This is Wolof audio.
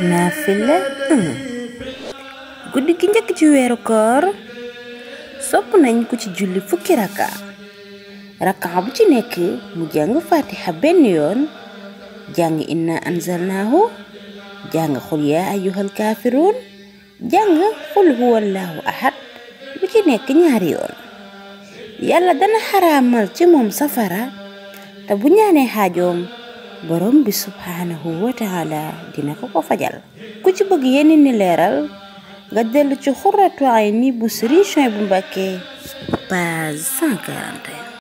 naafila 1 hmm. guddi gi njëkk ci weeru koor sopp nañ ko ci julli fukki raka raka bu ci nekk mu jàng fatiha benn yoon jàng inna anzalnaahu jàng xul yaa ayyuhal kaafiruun jàng xul huwallaahu ahad bu ci nekk ñaari yoon yàlla dana xaraamal ci moom safara te bu ñaanee xaajoom borom bi subhaanahu wa taala dina ko ko fajal ku ci bëgg yeneen ni leeral nga dellu ci xurratu ayni bu Serigne Souhaïbou Mbacké page 141